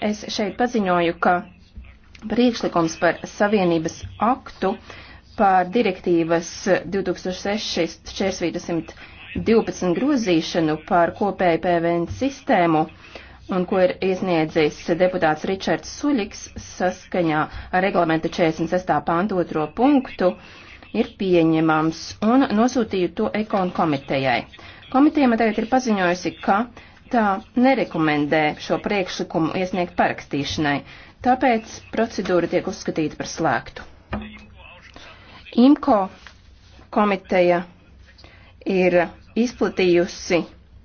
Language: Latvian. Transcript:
Es šeit paziņoju, ka priekšlikums par Savienības aktu par direktīvas 2006 412 grozīšanu par kopēju PVN sistēmu un ko ir iesniedzis deputāts Ričards Suļiks saskaņā ar reglamenta 46. pāntu otro punktu, ir pieņemams un nosūtīju to ekonu komitejai. Komiteja man tagad ir paziņojusi, ka tā nerekomendē šo priekšlikumu iesniegt parakstīšanai, tāpēc procedūra tiek uzskatīta par slēgtu. IMCO komiteja ir izplatījusi